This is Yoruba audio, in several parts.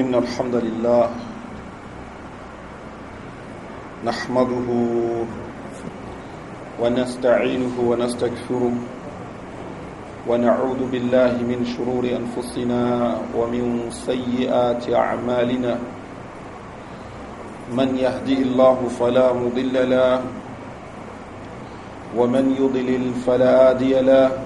إن الحمد لله نحمده ونستعينه ونستكفره ونعوذ بالله من شرور أنفسنا ومن سيئات أعمالنا من يهدي الله فلا مضل له ومن يضلل فلا هادي له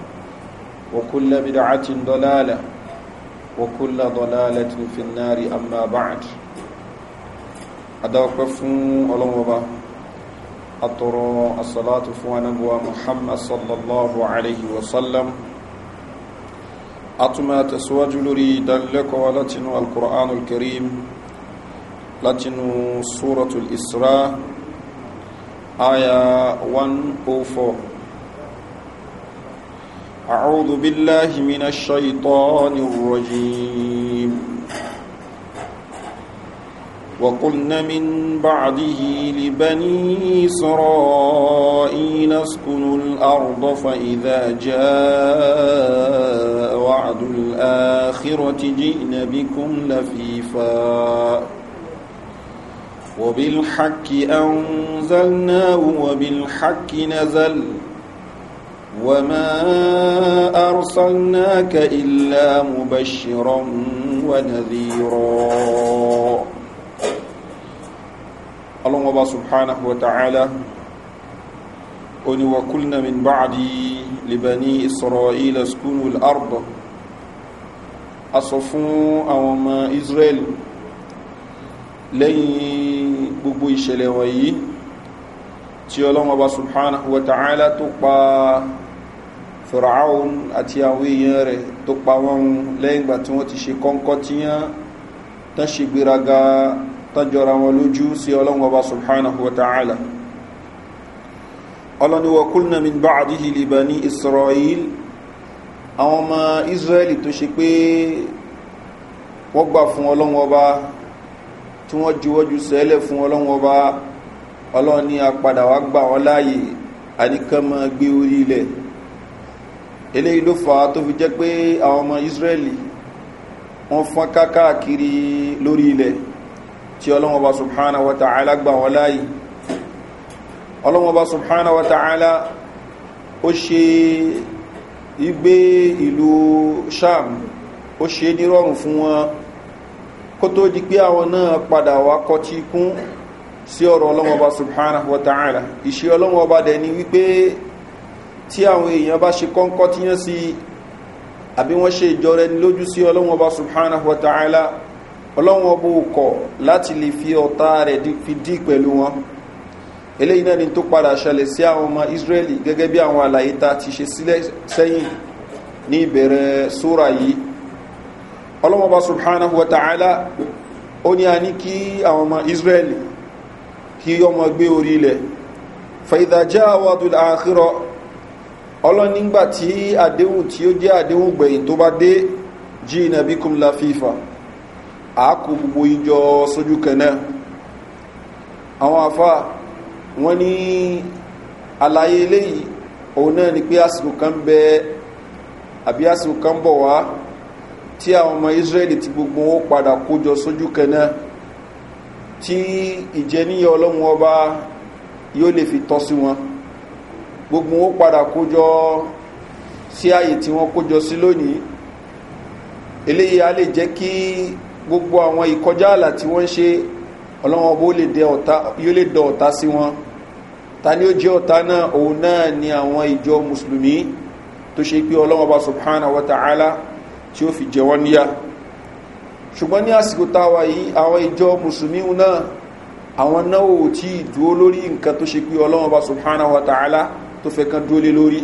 وكل بدعة ضلالة وكل ضلالة في النار أما بعد أدوك فون ألوبا أطر الصلاة فون أبو محمد صلى الله عليه وسلم أتما تسواج لري دلك ولتن القرآن الكريم لتن سورة الإسراء آية 104 أعوذ بالله من الشيطان الرجيم وقلنا من بعده لبني إسرائيل اسكنوا الأرض فإذا جاء وعد الآخرة جئنا بكم لفيفا وبالحق أنزلناه وبالحق نزل وما أرسلناك إلا مبشرا ونذيرا اللهم الله سبحانه وتعالى أني وكلنا من بعد لبني إسرائيل اسكنوا الأرض أصفوا أو ما إسرائيل لن بقبو إشلي ويي tí ọlọ́mọba subhanahu wa fìràáhùn àti àwọn èèyàn rẹ̀ tó pa wọ́n lẹ́yìn ìgbà tí wọ́n ti ṣe kọ́ńkọ́ tíyàn tán ṣe gbéraga tán jọra wọn lójú sí ọlọ́run ọba subhanahu wa ta'ala ọlọ́niwọ̀ kúlnà min bá àdíhì libà ní israel àwọn ọmọ israeli tó ṣe pé wọ́n gbà fún ọlọ́run ọba tí wọ́n juwọ́jú sẹ́lẹ̀ fún ọlọ́run ọba ọlọ́run ní wá gbà wọ́n láàyè àníkàn máa gbé orí ilẹ̀ eléyìí ló fà á tó fi jẹ́ pé àwọn ọmọ israeli wọ́n fọ́n kákàkiri lórí ilẹ̀ tí ọlọ́mọba subhana wa ta'ala gbà wọ́n láyìí ọlọ́mọba subhana wa ta'ala ó ṣe igbé ìlú sham ó ṣe nírọ̀rùn fún wọn kó tó di pé àwọn náà padà wá kọtí kún sí ọ̀rọ̀ ọlọ́mọba subhana wa ta'ala ìṣe ọlọ́mọba dẹ̀ wípé tí àwọn èèyàn bá ṣe kọ́ńkọ́ tí yán sí àbí wọ́n ṣe ìjọrẹ ní lójú sí ọlọ́wọ́n ọba subhanahu wa ta'ala ọlọ́wọ́n ọba òkọ̀ láti lè fi ọ̀tá rẹ̀ fi dí pẹ̀lú wọn eléyìí náà ni tó padà ṣẹlẹ̀ sí àwọn ọmọ israeli gẹ́gẹ́ bí àwọn àlàyé ta ti ṣe sílẹ̀ sẹ́yìn ní ìbẹ̀rẹ̀ sóra yìí ọlọ́wọ́n ọba subhanahu wa ta'ala ó ní a ní kí àwọn ọmọ israeli kí ọmọ gbé orí ilẹ̀ fàìdájá àwọ̀dùl àkírọ̀ ọlọ́nígbà tí àdéhùn tí ó jẹ́ àdéhùn gbẹ̀yìn tó bá dé jí ìnàbí kùn la fífà àákò gbogbo ìjọ sójú kẹ̀nà àwọn àfá wọ́n ní àlàyé eléyìí òun náà ni pé àsìkò kan bẹ àbí àsìkò kan bọ̀ wá tí àwọn ọmọ israeli ti gbogbo ó padà kójọ sójú kẹ̀nà tí ìjẹníyà ọlọ́run ọba yóò lè fi tọ́ sí wọn gbogbo ó padà kójọ sí ààyè tí wọ́n kójọ sí lónìí eléyìí a lè jẹ́ kí gbogbo àwọn ìkọjá àlà tí wọ́n ń ṣe ọlọ́wọ́n bó yóò lè dọ̀ ọ̀tá sí wọn ta ni ó jẹ́ ọ̀tá náà òun náà ni àwọn ìjọ mùsùlùmí tó ṣe pé ọlọ́wọ́n bá subhana wa ta'ala tí ó fi jẹ wọ́n níyà ṣùgbọ́n ní àsìkò táwà yìí àwọn ìjọ mùsùlùmí náà àwọn náà ò tí ìdúró lórí nǹkan tó ṣe pé ọlọ́wọ́n bá subhana wa ta'ala tó fẹ́ kan dúró lé lórí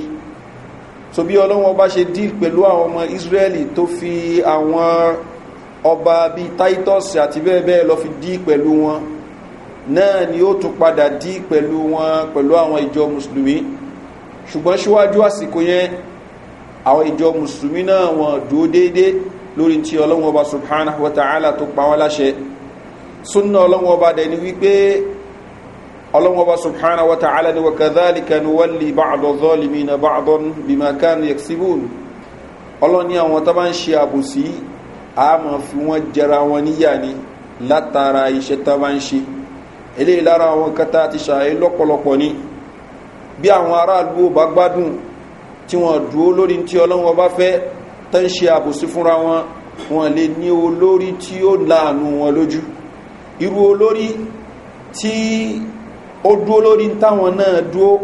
so bí ọlọ́wọ́n bá ṣe díl pẹ̀lú àwọn ọmọ israeli tó fi àwọn ọba bíi titus àti bẹ́ẹ̀ bẹ́ẹ̀ lọ fi dí pẹ̀lú wọn náà ni ó tún padà dí pẹ̀lú wọn pẹ̀lú àwọn ìjọ mùsùlùmí ṣùgbọ́n síwájú àsìkò yẹn àwọn ìjọ mùsùlùmí náà wọn dúó déédéé lórí tí ọlọ́wọ́n ọba subhanahu wa ta'ala tó pa wọ́n láṣẹ súnà ọlọ́wọ́n ọba dẹ̀ wípé ọlọ́wọ́ bá subhana wa ta'ala ni wa kàdáàlì kanu wàlì báàdọ̀ zọ́ọ̀lìmí na báàdọ̀ bímá kanu yẹ̀síbùn ọlọ́ni àwọn tó bá ń ṣe àbòsí a ma fi wọ́n jẹra wọn níyà ni látara iṣẹ́ tó bá ń ṣe eléyìí lára àwọn kẹta ti ṣàyẹ lọ́pọ̀lọpọ̀ ni bí àwọn aráàlú bá gbádùn tí wọ́n dúó lórí tí ọlọ́wọ́ bá fẹ́ tó ń ṣe àbòsí fúnra wọn wọn lè ní olórí tí ó láàánú wọn lójú irú olórí tí ó dúó lórí táwọn náà dúó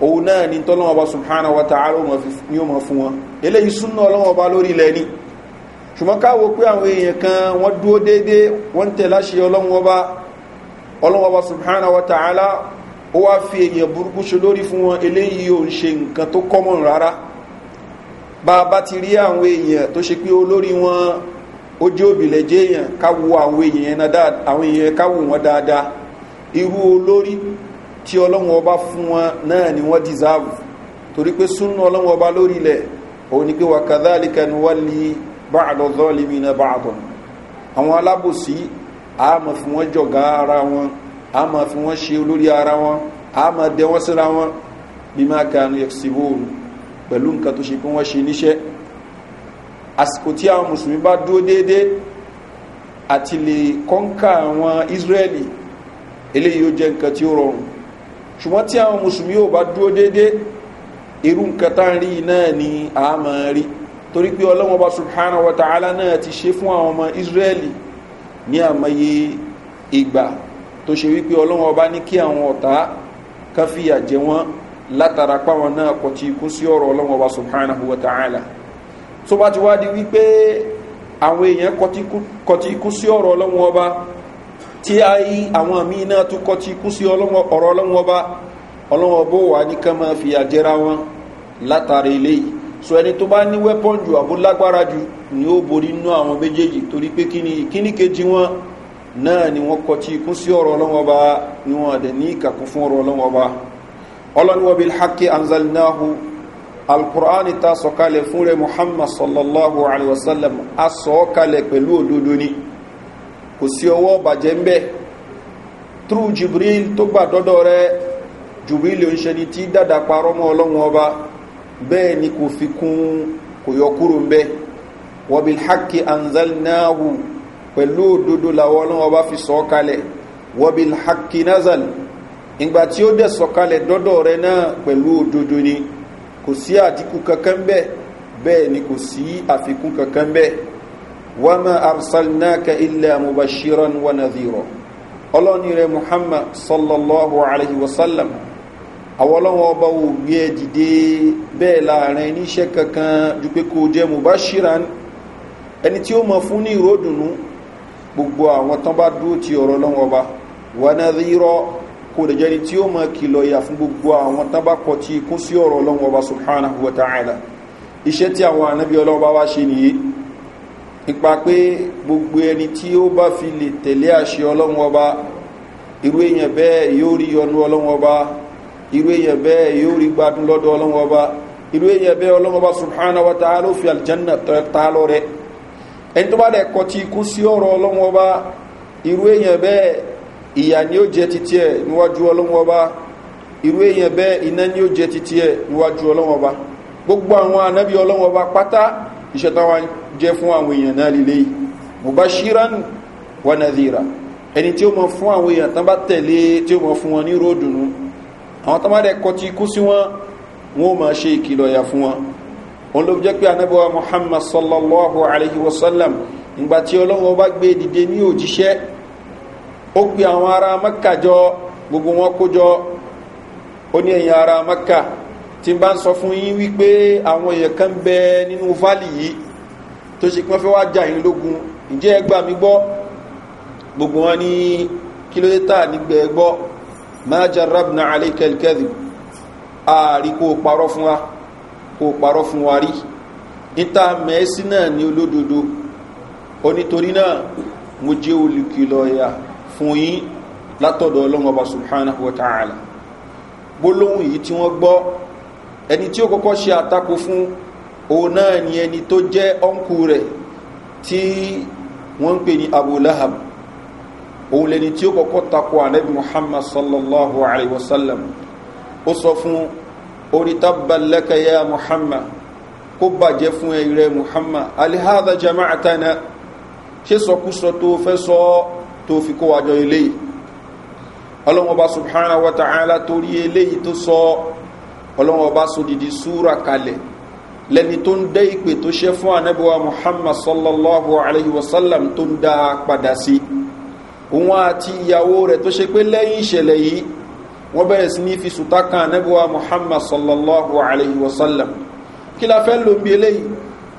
òun náà ni tọ́lọ́wọ́ba subhana wa ta'ala ni ó ma fún wọn eléyìí súnà ọlọ́wọ́ba lórí ilẹ̀ ni ṣùgbọ́n káwọ́ pé àwọn èèyàn kan wọ́n dúó déédé wọ́n tẹ̀ láṣẹ ọlọ́wọ́ba ọlọ́wọ́ba subhana wa ta'ala ó wá fi èèyàn burúkú ṣe lórí fún wọn eléyìí ò ń ṣe nǹkan tó kọ́mọ̀ rárá bá a bá ti rí àwọn èèyàn tó ṣe pé irú olórí tí ọlọ́run ọba fún wọn náà ni wọ́n dìsáàbù torí pé súnú ọlọ́run ọba lórí ilẹ̀ òun ni pé wà kàdálíkà ni wọ́n lè bá àdọ́dọ́ lèmi náà bá àdọ̀ àwọn alábòsí a mọ̀ fi wọ́n jọ̀gá ara wọn a mọ̀ fi wọ́n ṣe olórí ara wọn a mọ̀ dẹ wọ́n síra wọn bí máa kanu yẹ̀sìbóòrù pẹ̀lú nǹkan tó ṣe pé wọ́n ṣe níṣẹ́ àsìkò tí àwọn mùsùlùmí bá dúó déédéé àti lè kọ́ńkà àwọn israeli eléyìí ó jẹ́ nǹkan tí ó rọrùn ṣùgbọ́n tí àwọn mùsùlùmí ò bá dúró déédéé irú nǹkan tá náà ni a rí torí pé ọlọ́wọ́n bá subhanahu wa ta'ala náà ti ṣe fún àwọn ọmọ israẹli ní àmọye ìgbà tó ṣe wípé ọlọ́wọ́n bá ní kí àwọn ọ̀tá kan jẹ wọ́n látara páwọn náà kọ̀ tí ikú sí ọ̀rọ̀ ọlọ́wọ́n bá subhanahu wa ta'ala tó bá ti wá di wípé àwọn èèyàn kọ̀ tí ikú sí ọ̀rọ̀ ọlọ́wọ́n bá tí a yí àwọn àmì iná tó kọ́ ti kú sí ọ̀rọ̀ ọlọ́wọ́ bá ọlọ́wọ́ bó wà ní ká máa fi àjẹra wọn látàrí eléyìí so ẹni tó bá ní wẹ́pọ̀n jù àbó lágbára jù ni ó borí nú àwọn méjèèjì torí pé kí ni ìkíní kejì wọn náà ni wọ́n kọ́ ti kú sí ọ̀rọ̀ ọlọ́wọ́ bá ni wọ́n àdẹ̀ ní ìkàkùn fún ọ̀rọ̀ ọlọ́wọ́ bá ọlọ́wọ́ bí hakki anzalnahu alkur'ani ta sọ̀kalẹ̀ fún muhammad sallallahu alaihi wasallam a sọ̀kalẹ̀ pẹ̀lú òdodo ni kò sí ọwọ́ bàjẹ́ ń bẹ́ trú jibril tó gbà dọ́dọ̀ rẹ jibril ò ń ṣe ni tí dàdà parọ́ mọ́ ọlọ́run ọba bẹ́ẹ̀ ni kò fi kún kò yọ kúrò ń bẹ́ wọ́bi haki anzalnahu pẹ̀lú òdodo làwọn ọlọ́run ọba fi sọ kalẹ̀ wọ́bi haki nazal ìgbà tí ó dẹ̀ sọ kalẹ̀ dọ́dọ̀ rẹ náà pẹ̀lú òdodo ni kò sí àdínkù kankan bẹ́ẹ̀ ni kò sí àfikún kankan bẹ́ẹ̀ وما أرسلناك إلا مبشرا ونذيرا ọlọ́ni rẹ̀ muhammad sallallahu alaihi wasallam àwọlọ́wọ́ ọba ò gbé ẹ dìde bẹ́ẹ̀ láàrin níṣẹ́ kankan ju pé kò jẹ́ mubashiran ẹni tí ó mọ̀ fún ní ìròdùnú gbogbo àwọn tán bá dúró ti ọ̀rọ̀ lọ́wọ́ ọba wọnà rírọ kò lè jẹ́ni tí ó mọ̀ kìlọ̀ ìyà fún gbogbo àwọn tán bá kọ̀ tí kún sí ọ̀rọ̀ lọ́wọ́ ọba subhanahu wa ta'ala iṣẹ́ tí àwọn ànábì ọlọ́wọ́ bá wá ṣe nìyí ipa pé gbogbo ẹni tí ó bá fi lè tẹ̀lé àṣẹ ọlọ́run ọba irú èèyàn bẹ́ẹ̀ yóò rí ọnú ọlọ́run ọba irú èèyàn bẹ́ẹ̀ yóò rí gbádùn lọ́dọ̀ ọlọ́run ọba irú èèyàn bẹ́ẹ̀ ọlọ́run ọba subhana wa ta ló fi aljanna ta lọ rẹ ẹni tó bá dẹ̀ kọ tí ikú sí ọ̀rọ̀ ọlọ́run ọba irú èèyàn bẹ́ẹ̀ ìyà ni ó jẹ titi ẹ̀ níwájú ọlọ́run ọba irú èèyàn bẹ́ẹ̀ iná ni ó jẹ titi ẹ̀ níwájú ọlọ́run ọba gbogbo àwọn anábì ọlọ́run ọba pátá ìṣẹ̀tàn jẹ́ fún àwọn èèyàn náà lílé mubashiranu wa nadhira ẹni tí ó mọ fún àwọn èèyàn tán bá tẹ̀lé tí ó mọ fún wọn ní ròdùnú àwọn tán bá dẹ̀ kọ ti kú sí wọn wọn ó máa ṣe ìkìlọ̀ ya fún wọn òun ló jẹ́ pé anábọ́wá muhammad sallallahu alayhi wa sallam ìgbà tí ọlọ́wọ́ bá gbé dìde ní òjíṣẹ́ ó pe àwọn ará mẹ́kà jọ gbogbo wọn kó jọ ó ní ẹ̀yìn ará mẹ́kà tí bá ń sọ fún yín wípé àwọn èèyàn kan bẹ nínú fálì yìí tó ṣe pọ́n fẹ́ wá jà yín lógun ìjẹ́ ẹgbà mi gbọ́ gbogbo wọn ní kílódétà nígbẹ̀ ẹgbọ́ máa jarabna alékẹ́lkẹ́dì ààrí kó parọ́ fún wa kó parọ́ fún wa rí níta mẹ́ẹ́sí náà ní olódodo onítorí náà mo jẹ́ olùkìlọ̀ ẹ̀yà fún yín látọ̀dọ̀ ọlọ́run ọba subhanahu wa ta'ala gbólóhùn yìí tí wọ́n gbọ́ ẹni tí ó kọ́kọ́ ṣe àtakò fún òun náà ni ẹni tó jẹ́ ọ́nkù rẹ̀ tí wọ́n ń pè ní abúláhàm òun lẹni tí ó kọ́kọ́ takọ ànẹ́bí muhammad sallallahu alaihi wasallam ó sọ fún onítàbàlẹ́kẹ̀yà muhammad kó bàjẹ́ fún ẹ̀rẹ́ muhammad alihada jama'atana ṣe sọkúsọ tó fẹ́ sọ tó fi kó wájọ ilé ọlọ́mọba subhanahu wa ta'ala torí eléyìí tó sọ ọlọ́mọba sódìdí súra kalẹ̀ lẹni tó ń dẹ́ ìpè tó ṣe fún anábíwá muhammad sallallahu alayhi wa sallam tó ń dá padà sí òun àti ìyàwó rẹ̀ tó ṣe pé lẹ́yìn ìṣẹ̀lẹ̀ yìí wọ́n bẹ̀rẹ̀ sí ní fi sùtá kan anábíwá muhammad sallallahu alayhi wa sallam kí la fẹ́ ló ń bi eléyìí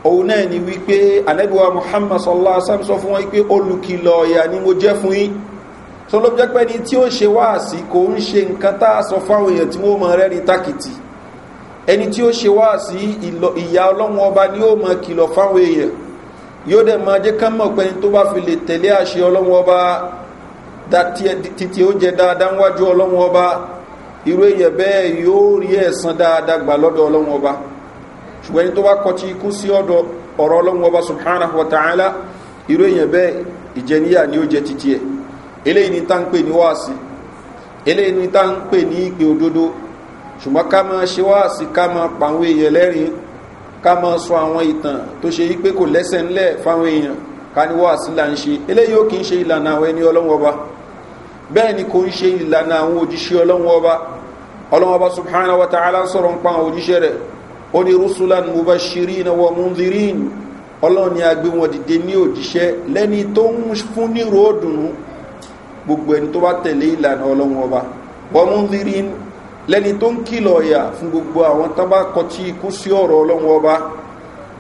òun náà ni wípé anábíwá muhammad sallallahu alayhi wa sọ fún wọn pé olùkìlọ̀ ọ̀yà ni mo jẹ́ fún yín tó ló jẹ́ pẹ́ ni tí ó ṣe wáàsí kò ń ṣe nǹkan tá a sọ fáwọn èèyàn tí wọ́n mọ rẹ́rìn tákìtì ẹni tí ó ṣe wá sí ìyá ọlọ́run ọba ni ó ma kìlọ̀ fáwọn èèyàn yóò dẹ̀ máa jẹ́ ká mọ̀ pé tó bá fi lè tẹ̀lé àṣẹ ọlọ́run ọba títí ó jẹ dáadáa níwájú ọlọ́run ọba irú èèyàn bẹ́ẹ̀ yóò rí ẹ̀sán ọba ṣùgbọ́n ẹni tó bá kọtí ikú ọba subhanahu wa ta'ala irú èèyàn bẹ́ẹ̀ ìjẹniyà ni ó jẹ títí ẹ̀ ṣùgbọ́n ká máa ṣe wá sí ká máa pa èèyàn lẹ́rìn sọ àwọn ìtàn tó ṣe yí pé kò lẹ́sẹ̀ ńlẹ̀ fáwọn èèyàn ká ní wá là ń ṣe eléyìí ó kì í ṣe ìlànà àwọn ẹni ni kò ń ṣe ìlànà àwọn òjíṣẹ́ ọlọ́wọ́ ọba ọlọ́wọ́ ọba subhanahu wa ta'ala sọ̀rọ̀ ń pa àwọn òjíṣẹ́ rẹ̀ ó ní rusulan a gbé wọn dìde ní òjíṣẹ́ lẹ́ni tó ń fún ní ròódùnú gbogbo ẹni tó bá tẹ̀lé ìlànà ọlọ́run lẹ́ni tó ń kìlọ̀ ọ̀yà fún gbogbo àwọn tán bá kọtí ikú sí ọ̀rọ̀ ọlọ́wọ́ ọba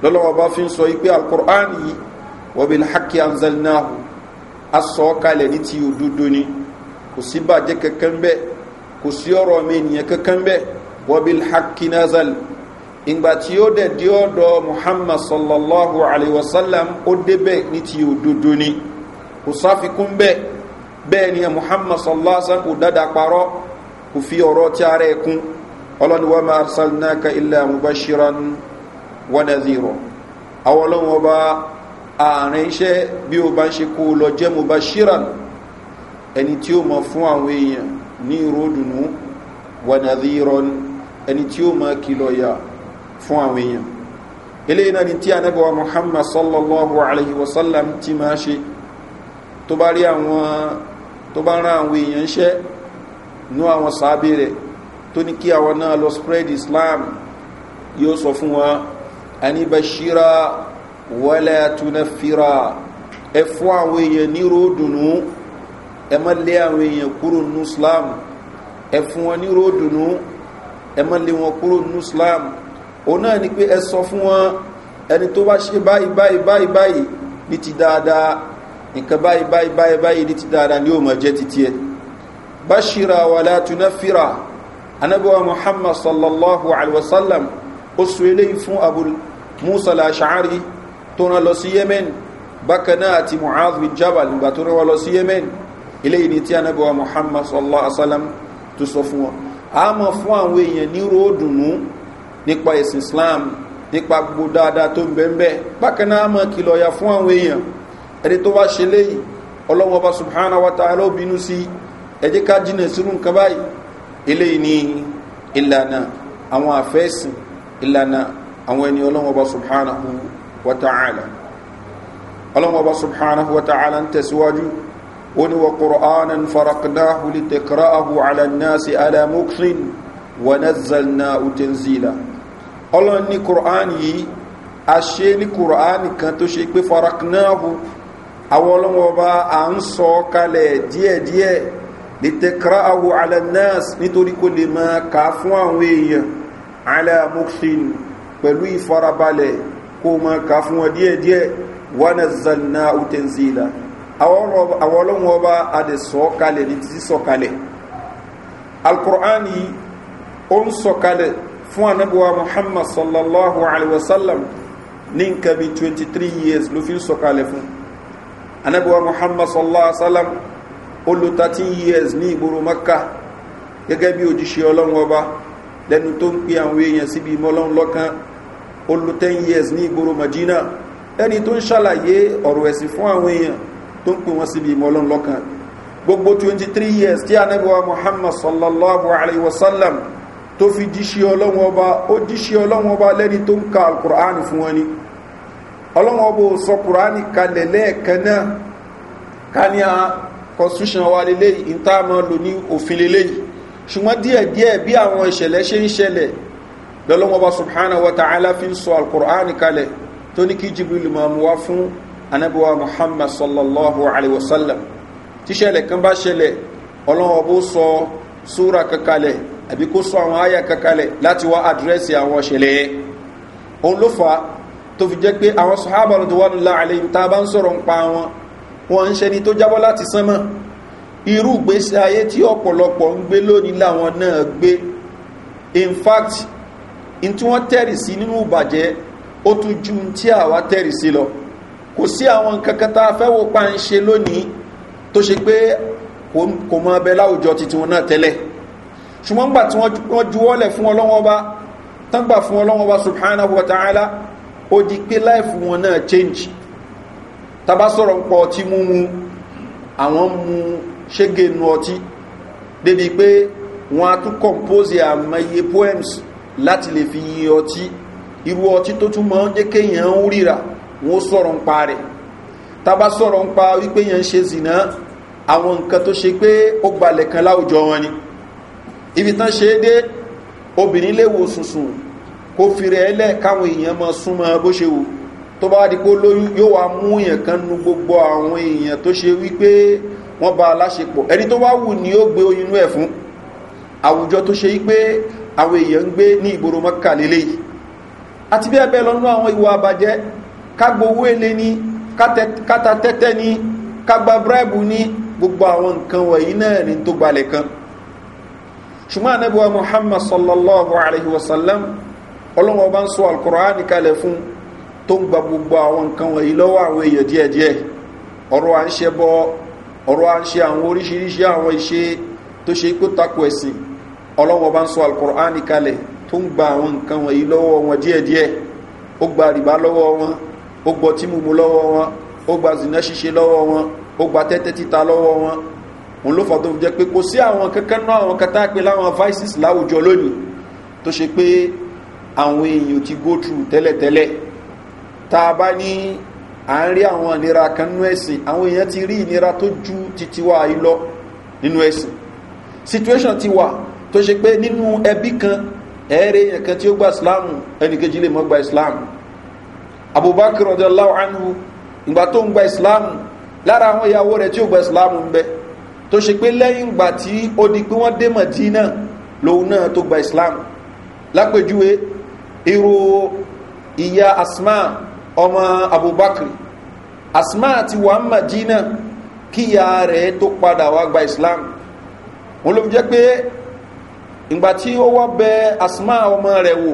lọ́lọ́wọ́ ọba fi ń sọ ipé alkur'an yìí wọ́bí lákì anzalnahu asọ́ kalẹ̀ ní ti òdodo ni kò sí bàjẹ́ kankan kò sí ọ̀rọ̀ mi ènìyàn kankan wọ́bí lákì nazal ìgbà tí ó dẹ̀ dí ọ̀dọ̀ muhammad sallallahu alayhi wa sallam ó débẹ̀ ní ti òdodo ni kò sáfikún bẹ́ bẹ́ẹ̀ ni muhammad sallallahu alayhi wa sallam kò dáadáa parọ́ kò fi ọ̀rọ̀ tí ara ẹkún ọlọ́niwọ́ ma arsalnaka ilẹ̀ mubashiran wanazirọ̀ àwọn ọlọ́run ọba ààrin iṣẹ́ bí o bá ń ṣe kó lọ jẹ́ mubashiran ẹni tí ó mọ fún àwọn èèyàn ní ìròdùnú wanazirọ̀ ẹni tí ó mọ kìlọ̀ fún àwọn èèyàn eléyìí náà ni tí anábọ̀wá muhammad sallallahu alayhi wa sallam ti máa ṣe tó bá rí àwọn tó bá rán àwọn èèyàn ṣẹ́ inú àwọn sábẹ́ rẹ̀ tó ní kí àwọn náà lọ spread islam yóò sọ fún wọn anibashira wọlé tunafira ẹ fún àwọn èèyàn ní ròdùnú ẹ má lé àwọn èèyàn kúrò nínú islam ẹ fún wọn ní ròdùnú ẹ má lé wọn kúrò nínú islam òun náà ni pé ẹ sọ fún wọn ẹni tó bá ṣe báyìí báyìí báyìí báyìí ní ti dáadáa nǹkan báyìí báyìí báyìí ní ti dáadáa ni ó mọ̀ jẹ́ titi ẹ̀ bashira wala tunafira anabiwa muhammad sallallahu alaihi wasallam ó so eléyìí fún abul musa lashari tó rán lọ sí yemen bákan náà àti mu'adh bin jabal nígbà tó rán wọn lọ sí yemen eléyìí ni tí anabiwa muhammad sallallahu alaihi wasallam tó sọ fún wọn a mọ̀ fún àwọn èèyàn ní islam nípa gbogbo dáadáa tó ń bẹ́ẹ̀ bákan náà ya fún àwọn èèyàn ẹni tó wá ṣe léyìí ọlọ́wọ́ subhanahu wa ta'ala ó ẹ jẹ́ ká jìnà sínú nǹkan báyìí eléyìí ní ìlànà àwọn àfẹ́sìn ìlànà àwọn ẹni ọlọ́wọ́ bá subhanahu wa ta'ala ọlọ́wọ́ bá subhanahu wa ta'ala ń tẹ̀síwájú ó ní wa ƙùrọ̀ánà farakdáhu lè tẹ̀kọ́ráhù alannasi alamukrin wa nazalna utenzila ọlọ́wọ́ ní ƙùrọ̀án yìí a ṣe ní ƙùrọ̀án kan tó ṣe pé farakdáhu àwọn ọlọ́wọ́ bá à ń sọ kalẹ̀ díẹ̀díẹ̀ lítẹ̀kọ́rọ̀ àwọ̀ alanas nítorí kó lè máa kà fún àwọn èèyàn alamuxin pẹ̀lú ìfarabalẹ̀ kó máa kà fún wọn díẹ̀díẹ̀ wọn zanna utenzila àwọn ọlọ́run ọba adẹ̀ sọ̀kalẹ̀ ní ti sọ̀kalẹ̀ alkur'ani ó ń sọ̀kalẹ̀ fún anábíwá muhammad sallallahu alaihi wasallam ní nǹkan bí 23 years ló fi ń sọ̀kalẹ̀ fún anábíwá muhammad sallallahu alaihi wasallam ó lo thirteen years ní ìgboro maka gẹ́gẹ́ bí òjíṣẹ́ ọlọ́run ọba lẹ́nu tó ń pe àwọn èèyàn síbi ìmọ̀ lọ́kàn ó lo ten years ní ìgboro madina ẹni tó ń ṣàlàyé ọ̀rọ̀ ẹ̀sìn fún àwọn èèyàn tó ń pè wọ́n síbi ìmọ̀ lọ́kàn gbogbo twenty three years tí anábíwá muhammad sallallahu alayhi wa sallam tó fi jíṣẹ́ ọlọ́run ọba ó jíṣẹ́ ọlọ́run ọba lẹ́ni tó ń ka alukur'an fún wọn ni ọlọ́run ọba ò sọ kur'an kalẹ̀ lẹ́ẹ̀kan náà ká ní a constitution wa lélẹ́yìí ìtààmọ́ lò ní òfin lélẹ́yìí ṣùgbọ́n díẹ̀díẹ̀ bí àwọn ìṣẹ̀lẹ̀ ṣe ń ṣẹlẹ̀ lọ́lọ́mọba subhanahu wa ta'ala fi ń sọ alkùránì kalẹ̀ tó ní kí jibril ma wá fún anábíwá muhammad sallallahu alaihi wasallam tí ṣẹlẹ̀ kan bá ṣẹlẹ̀ ọlọ́wọ́bó sọ súra kakalẹ̀ àbí kó sọ àwọn àyà kakalẹ̀ láti wá àdírẹ́sì àwọn ṣẹlẹ̀ òun ló fa tó fi wọ́n ń ṣẹni tó jábọ́ láti sánmọ́ irú ìgbésí ayé tí ọ̀pọ̀lọpọ̀ ń gbé lónìí làwọn náà gbé in fact in tí wọ́n tẹ̀rì sí nínú ìbàjẹ́ ó tún ju tí àwa tẹ̀rì sí lọ kò sí àwọn nǹkan tá a fẹ́ wò pa ń ṣe lónìí tó ṣe pé kò mọ abẹ láwùjọ titi wọn náà tẹ́lẹ̀ ṣùgbọ́n gbà tí wọ́n juwọ́lẹ̀ fún ọlọ́wọ́ bá tán gbà fún ọlọ́wọ́ bá subhanahu wa ta'ala ó di pé láìfù wọn náà change tàbá sọ̀rọ̀ ń pọ̀ ọtí múmu àwọn mú ṣége nu ọtí débi pé wọn a tún compose àmọye poems láti lè fi yin ọtí irú ọtí tó tún mọ́ jẹ́ kéèyàn ń ríra wọn ó sọ̀rọ̀ ń pa rẹ̀ tàbá sọ̀rọ̀ ń pa wípé yẹn ṣe zìnà àwọn nǹkan tó ṣe pé ó gbalẹ̀ kan láwùjọ wọn ni ibi tán ṣe é dé obìnrin léwo sùnsùn fi rẹ̀ ẹlẹ́ káwọn èèyàn mọ súnmọ́ bó ṣe wù tó bá di pé olóyún yóò wá mú èèyàn kan nu gbogbo àwọn èèyàn tó ṣe wípé wọ́n bá aláṣepọ̀ ẹni tó bá wù ní ó gbé oyinú ẹ̀ fún àwùjọ tó ṣe wípé àwọn èèyàn ń gbé ní ìgboro mọ́kà lélẹ́yìí àti bí ẹbẹ̀ lọ́nà àwọn ìwà àbàjẹ́ kágbówó èlé ní káta tẹ́tẹ́ ní kágbà bíráìbù ní gbogbo àwọn nǹkan wọ̀nyí náà ní tó gbalẹ̀ kan ṣùgbọ́n anábíwá muhammad sallallahu alaihi wasallam ọlọ́wọ́ bá ń sọ alkùrọ̀ á fún un tó ń gba gbogbo àwọn nǹkan wọ̀nyí lọ́wọ́ àwọn èèyàn díẹ̀díẹ̀ ọ̀rọ̀ à ń ṣe bọ́ ọ̀rọ̀ à ń ṣe àwọn oríṣiríṣi àwọn iṣẹ́ tó ṣe pé tako ẹ̀sìn ọlọ́wọ́ bá ń sọ alukur'ani kalẹ̀ tó ń gba àwọn nǹkan wọ̀nyí lọ́wọ́ wọn díẹ̀díẹ̀ ó gba rìbá lọ́wọ́ wọn ó gbọ́ tí mímu lọ́wọ́ wọn ó gba zina ṣíṣe lọ́wọ́ wọn ó gba tẹ́tẹ́ títa lọ́wọ́ wọn òun ló fà tó fi jẹ́ pé kò sí àwọn kankan náà àwọn kata pé láwọn vices láwùjọ lónìí tó ṣe pé àwọn èèyàn ti go through tẹ́lẹ̀tẹ́lẹ̀ tẹ́lẹ̀ tá a bá ní à ń rí àwọn ìnira kan nínú ẹ̀sìn àwọn èèyàn ti rí ìnira tó ju titi wa yìí lọ nínú ẹ̀sìn situation ti wà tó ṣe pé nínú ẹbí kan ẹ̀ẹ́rẹ́ èèyàn kan tí ó gba islam ẹnìkejì lè mọ́ gba islam abubakar ọ̀dọ̀láwò anhu ìgbà tó ń gba islam lára àwọn ìyàwó rẹ̀ tí ó gba islam ń bẹ tó ṣe pé lẹ́yìn ìgbà tí ó di pé wọ́n dé mọ̀dínà lòun náà tó gba islam lápèjúwe irú ìyá asma ọmọ abubakar asma àti wàhánmà jìnnà kíyà rẹ̀ tó padà wá gba islam wọn ló fi jẹ́ pé ìgbà tí ó wá bẹ asma ọmọ rẹ̀ wò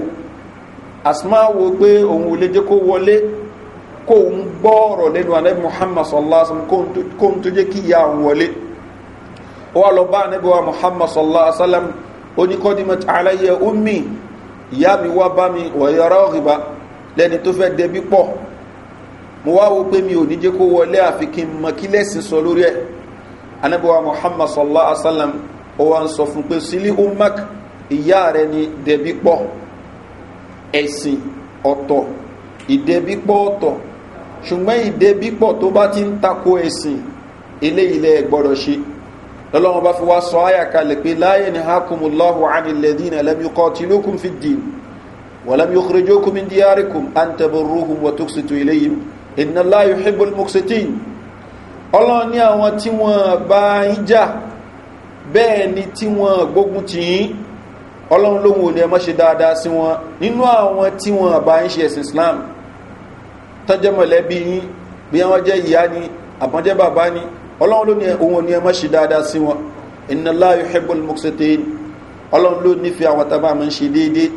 asma wo pé òun ò lè jẹ́ kó wọlé kó ń gbọ́ lẹ́nu anẹ́bí muhammad sallallahu kó ń tó jẹ́ kí ìyá òun wọlé ó wà lọ bá anẹ́bí wa muhammad sallallahu sallam oníkọ́dìmọ̀ aláyẹ omi ìyá mi wá bá mi wọ̀nyọ́rọ́ ọ̀gbà lẹ́ni tó fẹ́ dẹbí pọ̀ mo wá wo pé mi ò ní jẹ́ kó wọlé àfi kí n mọ kí lẹ́sìn sọ lórí ẹ̀ anábíwá muhammad sallallahu alaihi wasallam wá ń sọ fún pé sílí umak ìyá rẹ ni dẹbí pọ̀ ẹ̀sìn ọ̀tọ̀ ìdẹbí pọ̀ ọ̀tọ̀ ṣùgbọ́n ìdẹbí pọ̀ tó bá ti ń tako ẹ̀sìn eléyìí lẹ́ gbọ́dọ̀ ṣe lọ́lọ́wọ́n bá fi wá sọ áyà pé láyé ni hákùnmùláhùn ánilẹ̀dínà lẹ́mí kọ́ tìlókùn fi dìnnì ولم يخرجوكم من دياركم أن تبروهم وتقسطوا إليهم إن الله يحب المقسطين ọlọ́run ní àwọn tí wọ́n bá ń jà bẹ́ẹ̀ ni tí wọ́n gbógun tí yí ọlọ́run lóhun ò ní ẹmọ́ ṣe dáadáa sí wọn nínú àwọn tí wọ́n bá ń ṣe ẹ̀sìn islam tọ́jẹ́ mọ̀lẹ́bí yí bí wọ́n jẹ́ ìyá ni àbọ́jẹ́ bàbá ni ọlọ́run ló ní ohun ò ní ẹmọ́ ṣe dáadáa sí wọn ìnáláyò hebron moxetain ọlọ́run ló nífẹ̀ẹ́ àwọn tábà máa ń ṣe déédéé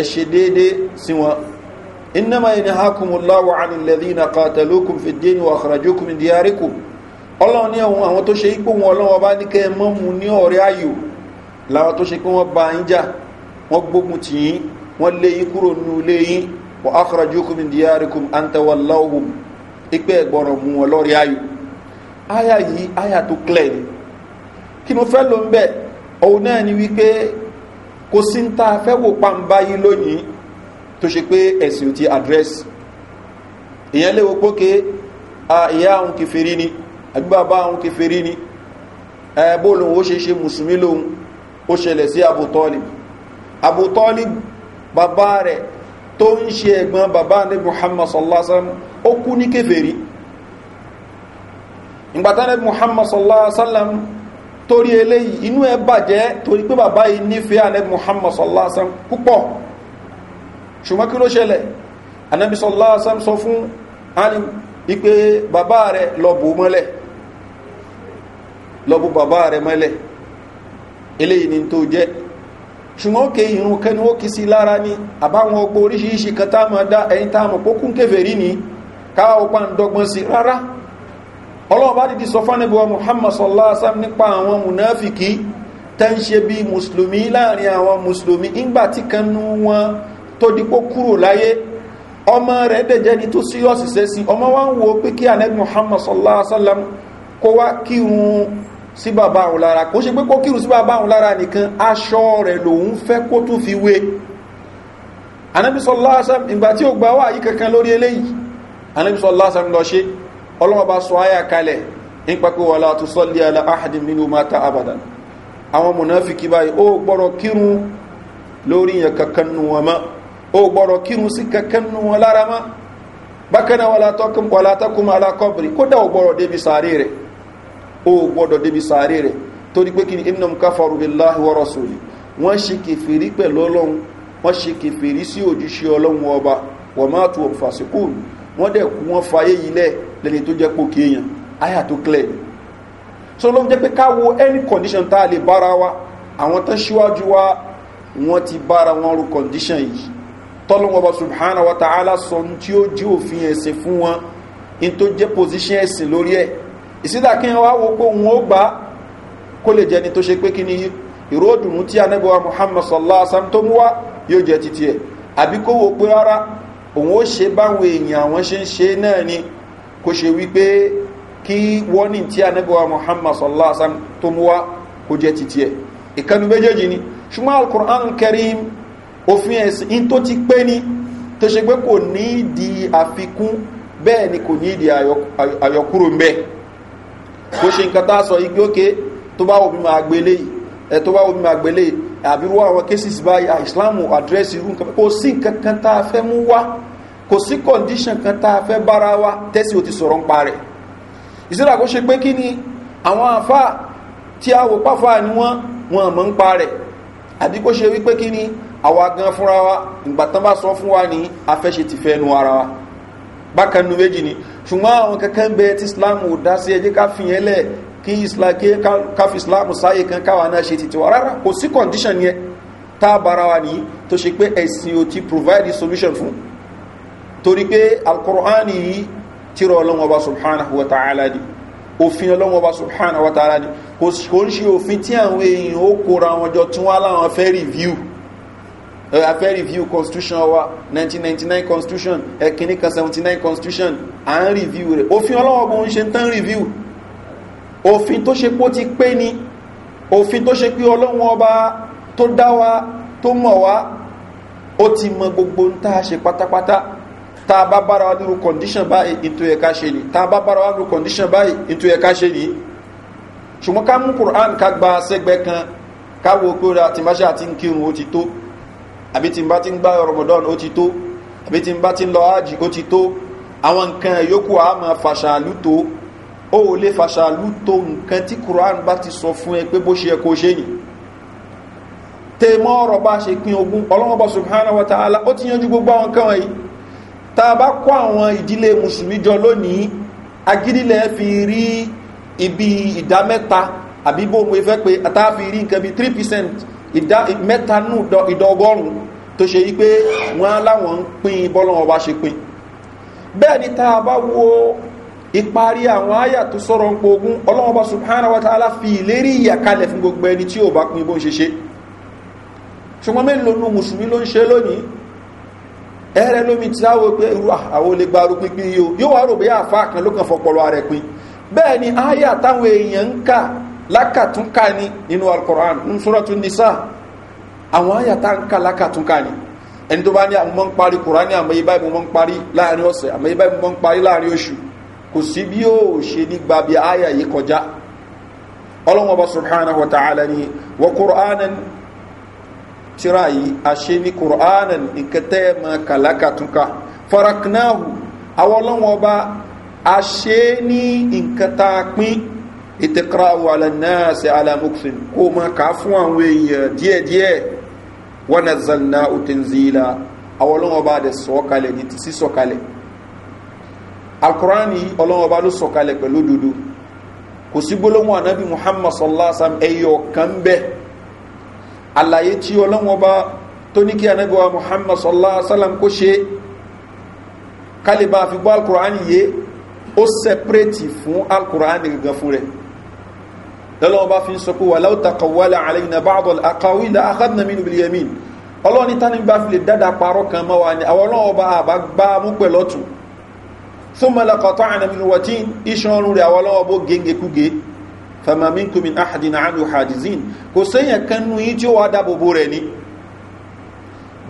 ẹ̀ṣẹ̀ déédé sí wọn innama yanhakumullahu 'anil ladhina qataluukum fid-din wa akhrajukum min diyarikum ọlọ́run ní àwọn àwọn tó ṣe ipò wọn ọlọ́run ọba ní kẹ́ ẹ mọ́ mu ní ọ̀rẹ́ ayò láwọn tó ṣe pé wọ́n bá yín jà wọ́n gbógun tì yín wọ́n lé yín kúrò nínú ilé yín wa akhrajukum min diyarikum an tawallawhum ẹ̀gbọ́rọ̀ mu wọn lọ́rẹ́ ayò áyà yìí áyà tó clear ni kí mo fẹ́ ló ń òun náà ni wípé kò sí ń ta fẹ́ wò pàǹbá yìí lónìí tó ṣe pé ẹ̀sìn ò ti àdírẹ́sì ìyẹn léwo pókè ìyá àwọn kẹfẹ́rí ni àgbàbá àwọn kẹfẹ́rí ni ẹ̀bó lòun ó ṣe ṣe mùsùlùmí lòun ó ṣẹlẹ̀ sí abutọ́lì abutọ́lì bàbá muhammad sallásán ó kú torí eléyìí inú ẹ bàjẹ́ torí pé bàbá yìí nífẹ̀ẹ́ anẹ́bí muhammad sallallahu alaihi wasallam púpọ̀ ṣùgbọ́n kí ló ṣẹlẹ̀ anẹ́bí sallallahu sọ fún ali bàbá lọ́bù ni tó jẹ́ ṣùgbọ́n òkè ìrùn kẹni ó kì sí lára ní àbáwọn ọgbọ̀ oríṣiríṣi kan tá dá ẹ̀yìn tá pókún kéfèrí ní káwọ́ pa sí ọlọ́run bá dìdí sọ fánibíwa muhammad sallásán nípa àwọn munafiki tẹ́ ń ṣe bí musulmi láàrin àwọn musulmi ńgbà tí kanú wọn tó dípò kúrò láyé ọmọ rẹ̀ dẹ̀jẹ́ ni tó síyọ́sì sẹ́ sí ọmọ wá ń wo pé kí anẹ́bí muhammad sallásán kó wá kírun sí bàbá àwọn lára kó ṣe pé kó kírun sí bàbá àwọn lára nìkan aṣọ rẹ̀ lòun fẹ́ kó tún ọlọ́wọ́ bá sọ ayà kalẹ̀ ní pàpẹ́ wọ́lá tó sọ́lé ala ahadi nínú mata abadan àwọn mùnáfikì báyìí ó gbọ́rọ̀ kírun lórí yẹn kankan nù wọn mọ́ ó gbọ́rọ̀ kírun sí kankan nù wọn lára mọ́ bákanáà wọ́lá tọ́kùn wọ́lá tọ́kùn alákọ́bìrì kódà ó gbọ́rọ̀ débi sàárè rẹ̀ ó gbọ́dọ̀ débi sàárè rẹ̀ torí pé kí ni inam káfàrú biláhi wọ́n ṣe kẹfìrí fayé yìí lẹ́ẹ̀ lẹ́ni tó jẹ́ pòkè èèyàn àyà tó clear ni so ló ń jẹ́ pé ká any condition tá a lè bára wa àwọn tán síwájú wa wọ́n ti bára wọn ru condition yìí tọ́lọ́wọ́n bá subhanahu wa ta'ala sọ tí ó jí òfin ẹ̀sìn fún wọn in tó jẹ́ position ẹ̀sìn lórí ẹ̀ ìsídà kí wọ́n wo pé òun ó gbá kó lè jẹni tó ṣe pé kí ni ìró òdùnú tí anábíwá muhammad sallallahu alaihi wasallam tó mú wá yóò jẹ títí ẹ̀ àbí kó wo pé rárá òun ó ṣe báwọn èèyàn àwọn ṣe ń ṣe náà ni kò ṣe wípé kí wọ́nì tí a nẹ́gbẹ̀wà muhammad sallallahu alaihi wasallam tó mú wá kó jẹ́ titi ẹ̀ ìkanu méjèèjì ni ṣùgbọ́n alukur'an kẹrin òfin ẹ̀sìn in tó ti pé ní tó ṣe pé kò ní ìdí àfikún bẹ́ẹ̀ ni kò ní ìdí àyọkúrò ń bẹ́ kò ṣe nǹkan tá a sọ igi ókè tó bá omi máa gbélé ẹ̀ tó bá omi máa gbélé àbírú àwọn kéṣìṣì báyìí islam àdírẹ́sì irú nǹkan kò sí nǹkan kan tá a fẹ́ mú wá kò sí condition kan tá a fẹ́ bára wa tẹ́sí o ti sọ̀rọ̀ ń pa rẹ̀ ìsìlá pé kí ni àwọn àfá tí a wò pàfà ní wọ́n wọn mọ̀ ń pa rẹ̀ wípé kí ni àwa gan fúnra wa ìgbàtán bá sọ fún wa ní afẹ́ṣe ti fẹ́ nu ara wa bákan nu méjì ni ṣùgbọ́n àwọn kankan bẹ tí islam ò dá sí ẹjẹ́ ká fi yẹn kí islam ké ká islam sáyé kan káwa náà ṣe tìtìwá rárá kò sí condition yẹn tá a bára wa nìyí tó ṣe pé ẹ̀sìn ò ti provide solution fún torí pé alkùránì yìí tírọ ọlọ́wọ́ bá subhanahu wa ta'ala ni òfin ọlọ́wọ́ bá subhanahu wa ta'ala ni kò ń ṣe òfin tí àwọn èèyàn ó kóra wọn jọ tún wá láwọn fẹ́ review a review constitution wa 1999 constitution ẹ̀kíní kan 79 constitution à ń review rẹ̀ òfin ọlọ́wọ́ bó ń ṣe tán review òfin tó ṣe pó ti pé ni òfin tó ṣe pé ọlọ́wọ́n ọba tó dá wa tó mọ̀ wá ó ti mọ gbogbo ń tá a ṣe pátápátá tá a bá bára wa nírú condition báyìí ètò ẹ̀ka ṣe ni tá a bá bára wa nírú condition báyìí ètò ẹ̀ka ṣe ni ṣùgbọ́n ká mú quran ká gba sẹ́gbẹ́ kan ká wo pé ra tí n bá ṣe àti ń kírun ó ti tó àbí tí n bá ti ń gbá ramadan ó ti tó àbí tí n bá ti ń lọ ájì ó ti tó àwọn nǹkan yòókù a máa fàṣàlú tó ó ò lè fàṣàlú tó nǹkan tí quran bá ti sọ fún ẹ pé bó ṣe ẹ kó ṣe yìí tèmọ́ ọ̀rọ̀ bá ṣe pín ogun ọlọ́wọ́ bá subhanahu wa ta'ala ó ti yanjú gbogbo àwọn kan wọ̀nyí tá a bá kó àwọn ìdílé mùsùlùmí jọ lónìí agídílẹ̀ fi rí ibi ìdá mẹ́ta àbí bó mo fẹ́ pé tá a fi rí nǹkan bí 3% ìdá mẹ́ta nù ìdá ọgọ́rùn-ún tó ṣe yí pé wọ́n láwọn ń pín bọ́lọ́wọ́ bá ṣe pín bẹ́ẹ̀ ni tá a bá wo ìparí àwọn àyà tó sọ́rọ̀ ń pogun ọlọ́wọ́ subhanahu fi ìlérí ìyàkalẹ̀ fún gbogbo ẹni tí ò bá pín bó ń ṣe ṣe ṣùgbọ́n mélòó nù ló ń ṣe lónìí ẹ̀rẹ́ lómi tí a wo pé àwọn olè gbarú pínpín yóò yóò wá rò bóyá àfá kan ló kàn fọpọlọ rẹ̀ pin bẹ́ẹ̀ ni áyà táwọn èèyàn ń kà lákàtúnkà ni nínú alkọ̀rán ń súnrọ̀ tún nìsá àwọn áyà tá ń kà lákàtúnkà ni ẹni tó bá ní àwọn mọ́ kùrán ní àmọ́ ibáyìí láàrin ọ̀sẹ̀ tíra yìí a ṣe ní kùránàn nǹkan tẹ́ ẹ máa kàlákàtúnkà faraknahu àwọn ọlọ́wọ́n ọba a ṣe ní nǹkan tá a pín ìtẹ̀kọ́ráwò alẹ́nàṣẹ́ alamuksin kó máa kà á fún àwọn èèyàn díẹ̀díẹ̀ wọn na zanna otenzila àwọn ọlọ́wọ́n ọba dẹ̀ sọ̀kalẹ̀ ní sí sọ̀kalẹ̀ alukurani ọlọ́wọ́n ọba ló sọ̀kalẹ̀ pẹ̀lú òdodo kò sí gbólóhùn anabi muhammad sallallahu alaihi wa sallam ẹ̀yọ̀ kan bẹ́ẹ̀ àlàyé tí ọlọ́wọ́n bá tó ní kí anábíwá muhammad sallallahu alaihi wasallam kó ṣe kálíbà fi gbọ́ alkùránì yé ó sẹpẹ́rẹ́tì fún alkùránì gangan fún rẹ̀ lọ́lọ́wọ́n bá fi ń sọ pé wà láwùtà kọ̀wálà àlẹ́yìn àbáàdọ̀ àkàwí ilẹ̀ akadnamínú biliyamin ọlọ́ni tani bá fi lè dáda parọ́ kan mọ́ wa ni àwọn ọlọ́wọ́n bá àbá gbá mú famaminkum min ahadin anu hadizin kò sẹ́yìn kanú yí tí ó wá dábòbò rẹ̀ ni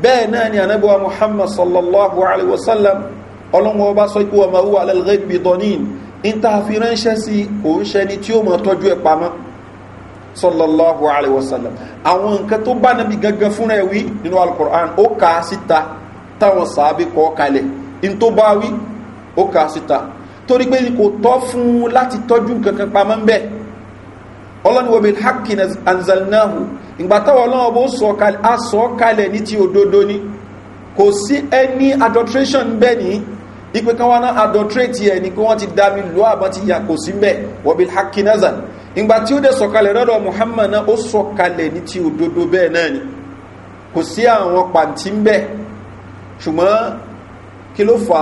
bẹ́ẹ̀ náà ni anábíwa muhammad sallallahu alaihi wasallam ọlọ́wọ́ bá sọ ikú ọmọ owó alẹ́lẹ́gbẹ̀ bidonin in ta fi ránṣẹ́ sí òun ṣẹni tí ó mọ̀ tọ́jú ẹ̀ sallallahu alaihi wasallam àwọn nǹkan tó bá nabi gangan fúnra ẹ̀ wí nínú alukur'an ó kà á síta táwọn sàábì kọ́ in tó bá wí ó kà á síta torí pé kò tọ́ fún láti tọ́jú kan pamọ́ ń ọlọ́niwọ̀mí hakin anzalnahu ìgbàtàwọ̀ ọlọ́wọ́ bó sọ kalẹ̀ ní ti òdodo ni kò sí ẹni adulteration bẹ́ ní ipe kan wá náà adulterate ẹni kí wọ́n ti dámi lọ́ àbá ti yà kò sí bẹ́ wọ̀bí hakin azal ìgbà ó dẹ̀ sọ̀kalẹ̀ rọ́dọ̀ muhammad náà ó sọ̀kalẹ̀ ní ti òdodo bẹ́ẹ̀ náà ni kò sí àwọn pàǹtí ń bẹ́ ṣùgbọ́n kí ló fà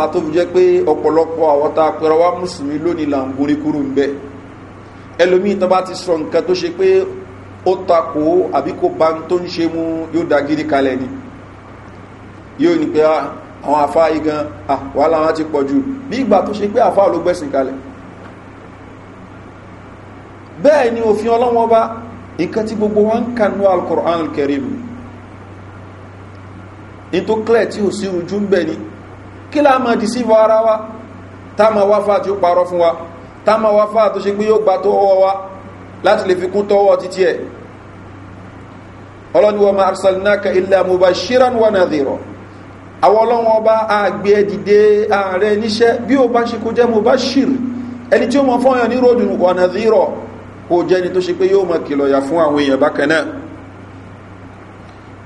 á ẹlòmíì tán bá ti sọ nǹkan tó ṣe pé ó takò àbí kò bá tó ń ṣe mú yóò da gírí kalẹ̀ ni yóò ní pé ah, àwọn àfá igan ah, wàhálà wọn ti pọ̀ jù bí ìgbà tó ṣe pé àfá ló gbẹ̀sìn kalẹ̀ bẹ́ẹ̀ ni òfin ọlọ́wọ́ bá nǹkan tí gbogbo wọn ń kanú ni kí láà máa dì sí táàmà wá fáà tó ṣe pé yóò gba tọ́wọ́ wá láti lè fi kún tọ́wọ́ títí ẹ̀ ọlọ́niwọ́ ma arsalnaka ilẹ̀ amúbá ṣíran wà náà dìrọ̀ àwọn ọlọ́wọ́ ọba àgbẹ̀ dìde ààrẹ níṣẹ́ bí ó bá ṣe kó jẹ́ mọ̀bá ṣír ẹni tí ó mọ̀ fọ́yàn ní ròdùn wà náà dìrọ̀ kó jẹ́ ni tó ṣe pé yóò mọ̀ kìlọ̀ yà fún àwọn èèyàn bákan náà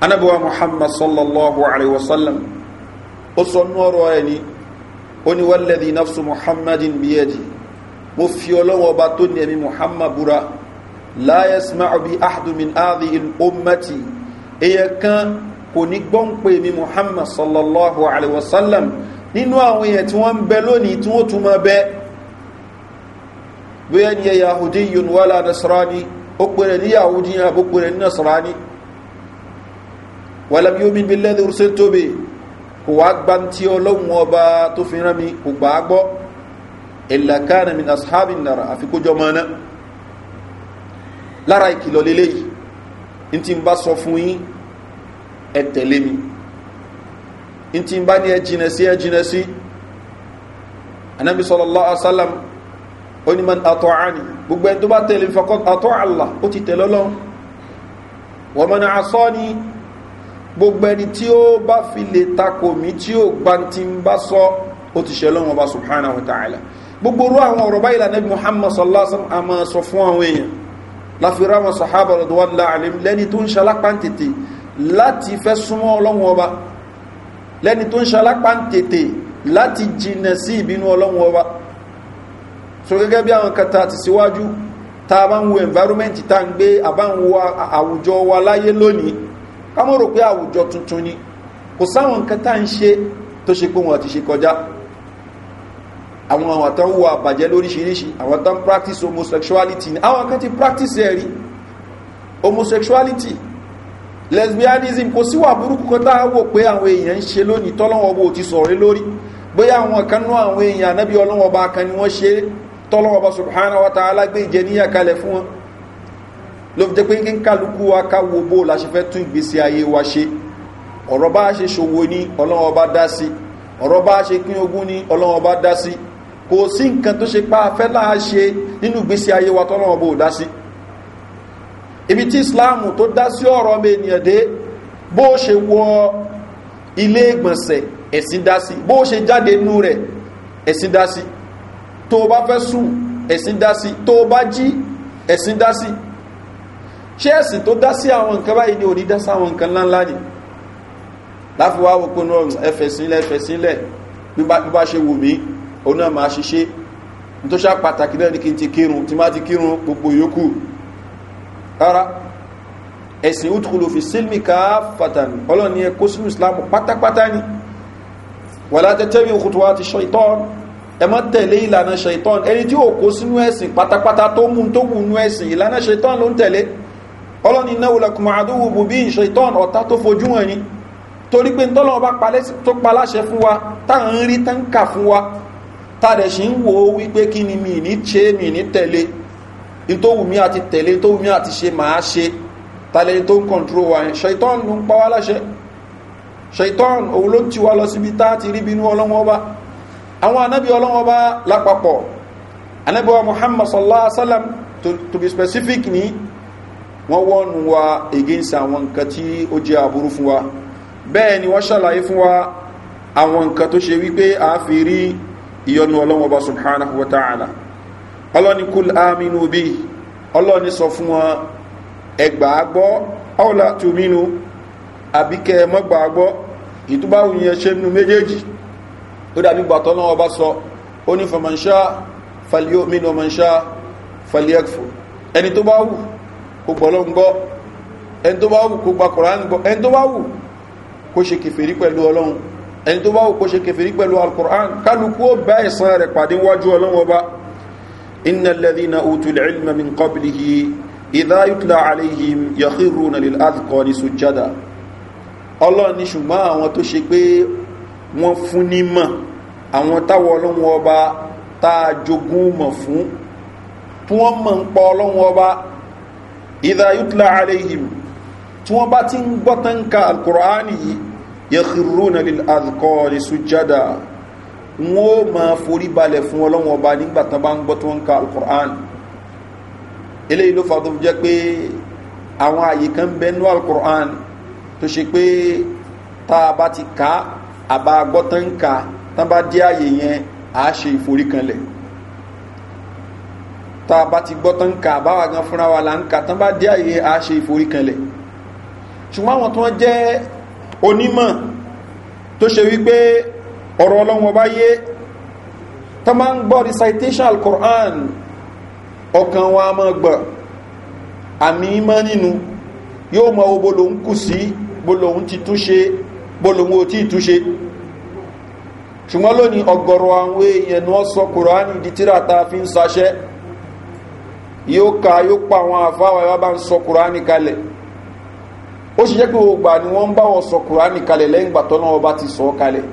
anabuwa muhammad sallallahu mo fi ọlọ́wọ́ ọba tó ní ẹ̀mí muhammad búra láyẹ̀sìmá ọbí ahdumin adi omati èyẹ kan kò ní gbọ́n pé mi muhammad sallallahu alaihi wasallam nínú àwọn èyẹ tí wọ́n ń bẹ lónìí tí wọ́n tún máa bẹ bóyá ni yahudi yun wàlá nasarani ó pèrè ní yahudi àbó pèrè ní nasarani wàlàbí omi bí lẹ́dí urusẹ́ tóbi kò wá gbantí ọlọ́run ọba tó fi rán mi kò gbàá gbọ́ ìlàkánà min ashabi nara àfikójọ́ mọ́ná lára ìkìlọ̀ lélẹ́ yìí in ti ń bá sọ fún yín ẹ tẹ̀lé mi in ti ń bá ní ẹ jìnà sí ẹ jìnà sí anábi sallallahu alaihi wasallam onímọ̀ gbogbo ẹni tó bá tẹ̀lé fọkọ́ àtọ̀ àlà ó ti tẹ̀lé lọ wọ́n mọ̀ ní asọ́ ni gbogbo ẹni tí ó bá fi lè takò mí tí ó gbanti ń bá sọ ó ti ṣẹlọ́wọ́n wa ta'ala gbogbo ru àwọn ọ̀rọ̀ báyìí lànà muhammad sallasam a máa sọ fún àwọn èèyàn láfíra wọn sàhábà lọ́dọ̀ wọn láàrin lẹ́ni tó ń ṣalápá ń tètè láti fẹ́ súnmọ́ ọlọ́run ọba lẹ́ni tó ń ṣalápá tètè láti jìnà sí ìbínú ọlọ́run ọba so gẹ́gẹ́ bí àwọn àwọn àtàn wo àbàjẹ́ lóríṣiríṣi àwọn tán practice homosexuality ni àwọn kan ti practice ẹ̀ rí homosexuality lesbianism kò síwà burúkú kan táà wò pé àwọn èèyàn ń ṣe lónìí tọ́lọ́wọ́ bó ti sọ̀rọ̀ lórí bóyá àwọn kan àwọn èèyàn anábí ọlọ́wọ́ bá kan ni wọ́n ṣe tọ́lọ́wọ́ bá subhanahu wa ta'ala gbé ìjẹ níyà kalẹ̀ fún wọn ló fi jẹ́ pé kí n kálukú wa ká wo bó la ṣe fẹ́ tún ìgbésí ayé wa ṣe ọ̀rọ̀ bá ṣe ṣòwò ní ọlọ́wọ́ bá dá sí ọ̀rọ̀ bá ṣe pín ogún ní ọlọ́wọ́ bá dá sí kò sí nǹkan tó ṣe pa afẹ́ láà ṣe nínú gbésí ayé wa tọ́lọ́wọ́ bó dá sí ibi tí islamu tó dá sí ọ̀rọ̀ ọmọ ènìyàn dé bó ṣe wọ ilé ìgbọ̀nsẹ̀ ẹ̀sìn dá sí bó ṣe jáde nú rẹ̀ ẹ̀sìn dá sí tó bá fẹ́ sùn ẹ̀sìn dá sí tó bá jí ẹ̀sìn dá sí ṣé ẹ̀sìn tó dá sí àwọn nǹkan báyìí ni ò ní dá sí àwọn nǹkan ńláńlá ni láfi wò pé ẹfẹ̀ sílẹ̀ ẹfẹ̀ sílẹ̀ bí bá ṣe wù mí òun náà máa ṣiṣẹ́ ní tó ṣá pàtàkì náà ní kí n ti kírun tí má ti kírun gbogbo yòókù rárá ẹ̀sìn utkulu fi sílmi káfàtàn ọlọ́ni ẹ kó sínú islam pátápátá ni wà látẹ́tẹ́ bí òkútuwa ti ṣọ̀ìtọ́n ẹ mọ́ tẹ̀lé ìlànà ṣọ̀ìtọ́n ẹni tí ó kó sínú ẹ̀sìn pátápátá tó mú tó wù nú ẹ̀sìn ìlànà ṣọ̀ìtọ́n ló ń tẹ̀lé ọlọ́ni náà lọ́kùnmọ́ àdúgbò tàdẹ̀ sí ń wo wípé kí ni mi ní ṣe mi ní tẹ̀lé in tó wù mí àti tẹ̀lé tó wù mí àti ṣe máa ṣe tàlẹ̀ tó ń kọ̀ntró wa yẹn ṣaitán ló ń pa wá láṣẹ ṣaitán òun ló ti wá lọ síbi tá ti rí bínú ọlọ́wọ́ bá àwọn anábì ọlọ́wọ́ bá lápapọ̀ anábì wa muhammad sallallahu alaihi wasallam to, to be specific ni wọ́n wọ́nu wa against àwọn nǹkan tí ó jẹ́ àbúrú fún wa bẹ́ẹ̀ ni wọ́n ṣàlàyé fún wa àwọn nǹkan tó ṣe wípé a fi rí ìyọnu ọlọ́wọ́ bá subhanahu wa ta'ala ọlọ́ni kul aminu bí ọlọ́ni sọ fún wọn ẹgbàá gbọ́ ọ̀la tùmínú abike mọ́gbàá gbọ́ ìtúbáwù yẹn ṣe méjèèjì dàbí ọba sọ ó ní fọmọ̀nṣá fàlíọ́mínú ọmọ̀nṣá fàlíẹ́kfù ẹni tó bá wù kó gbọ́lọ́ ń gbọ́ tó bá wù ẹni tó bá wù kó ṣe kẹfìrí pẹ̀lú alukur'an kálukú ó bá ẹ̀sán rẹ̀ pàdé wájú ọlọ́wọ́ bá iná lẹ́dínà òtún ilmà mi kọ́bìlì yìí ìdá yútùlá àlẹ́yìn yàkírù nà lè àdìkọ́ ní sùjádà ọlọ́run ní ṣùgbọ́n àwọn tó ṣe pé wọ́n yẹ̀kìrúnà lìlàdìkọ́ọ̀lì sùjádà wọ́n ó ma forí balẹ̀ fún ọlọ́wọ́n ọba nígbàtán bá ń gbọ́ tó ń ka alkùnrán ilé ìlú fàtó jẹ́ pé àwọn àyè kan bẹnú alkùnrán tó ṣe pé tá a bá ti ká àbá gbọ́tán ń ka tán bá dé àyè yẹn à ṣe ìforí kanlẹ̀ tá bá ti gbọ́tán ń ka àbá wà gan fúnra wa là ń bá dé àyè à ṣe ìforí kanlẹ̀ ṣùgbọ́n àwọn tó wọ́n jẹ́ onímọ̀ tó ṣe wípé ọ̀rọ̀ ọlọ́wọ́ bá yé tó máa ń gbọ́ recitation al-quran ọkàn wa mọ́ gbọ́ àmì mọ́ nínú yóò mọ́ owó lòun kù sí bólòun ti túnṣe bólòun ò tí túnṣe ṣùgbọ́n lónìí ọgọ̀rọ̀ àwọn èèyàn wọ́n sọ kùránì ó sì jẹ́ pé ògbà ni wọ́n ń bá wọn sọ kùránì kalẹ̀ lẹ́yìn ìgbà tọ́nà ọba ti sọ kalẹ̀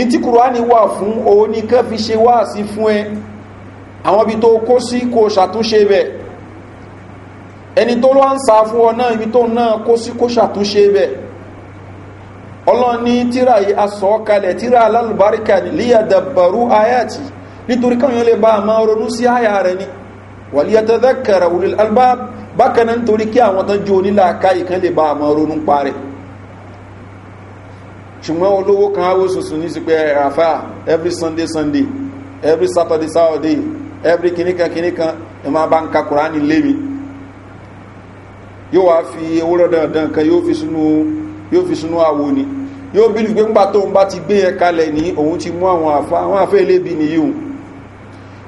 ìtí kùránì wà fún òun ní kán fi ṣe wá sí fún ẹ àwọn ibi tó kó sí kò ṣàtúnṣe bẹ̀ ẹni tó lọ́ ń fún ọ náà ibi tó náà kó sí kò ṣàtúnṣe bẹ̀ ọlọ́run ní tíra yìí asọ̀ kalẹ̀ tíra alálùbáríkà ní dàbàrú ayáti nítorí káwọn yóò lè bá a ronú sí àyà rẹ̀ ni wàlíyà tẹ́tẹ́ wùlẹ̀ albáàbù bákanáà nítorí kí àwọn tán jó onílà káyì kan lè bá àmọ́ ronú parẹ́ ṣùgbọ́n olówó kan áwó sùsùn ní sípẹ́ àfà every sunday sunday every saturday saturday every kìnníkan kìnníkan ẹ máa bá ń ka kùránì lémi yóò wá fi owó rọ̀dọ̀dàn kan yóò fi sínú yóò fi sínú àwo ni yóò bí lùgbé ńgbà tó ń bá ti gbé yẹn kalẹ̀ ní òun ti mú àwọn àfá àwọn àfẹ́ ilé bí nìyí òun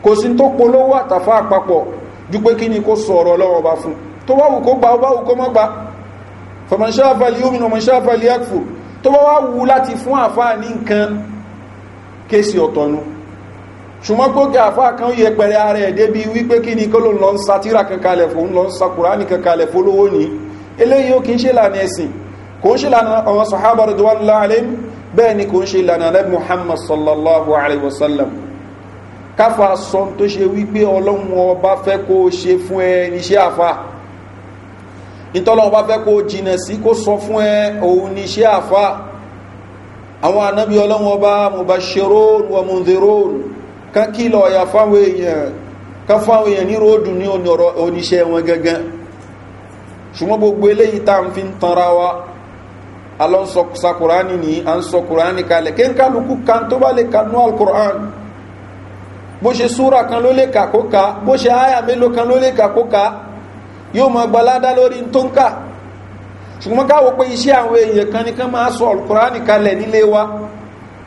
kò sí tó polówó àtàfà àpapọ̀ ju pé kí ni kó sọ ọ̀rọ̀ ọlọ́wọ́ bá fún tó wáwù kó gba ọbáwù kó mọ́ gba fọmọ̀ṣáfàlì omínà mọ̀ṣáfàlì ẹ̀kfù tó bá wá wù láti fún àfáà ní nǹkan kéèsì ọ̀tọ̀nu ṣùgbọ́n gbókè àfáà kan ni kó ló ń lọ ń sa tíra kankalẹ̀ fún lọ ń sa kùránì kankalẹ̀ fólówó ní eléyìí ó kí ń ṣe lànà ẹ̀sìn kò ń ṣe ni kò ń ṣe lànà nabi muhammad sallallahu káfa sọ tó ṣe wípé ọlọ́run ọba fẹ́ kó ṣe fún ẹ níṣẹ́ àfa ìtọ́lọ́run ọba fẹ́ kó jìnà sí kó sọ fún ẹ òun níṣẹ́ àfa àwọn anábí ọlọ́run ọba mubashiron wa mundiron kan kílọ̀ ọ̀yà fáwọn èèyàn kan fáwọn èèyàn ní ròdù ní oníṣẹ́ wọn gangan ṣùgbọ́n gbogbo eléyìí tá ń fi ń tanra wa alọ́nsọ sakurani ni à ń sọ kurani kalẹ̀ kí n kálukú kan tó bá lè kanú alukur'an bó ṣe súra kan ló lè kà kó ka bó ṣe áyà mélòó kan ló lè kà kó ka yóò mọ gbalada lórí tó ń kà ṣùgbọ́n káwọ́ pé iṣẹ́ àwọn èèyàn kan ní kán máa sọ alkùránì kalẹ̀ nílé wa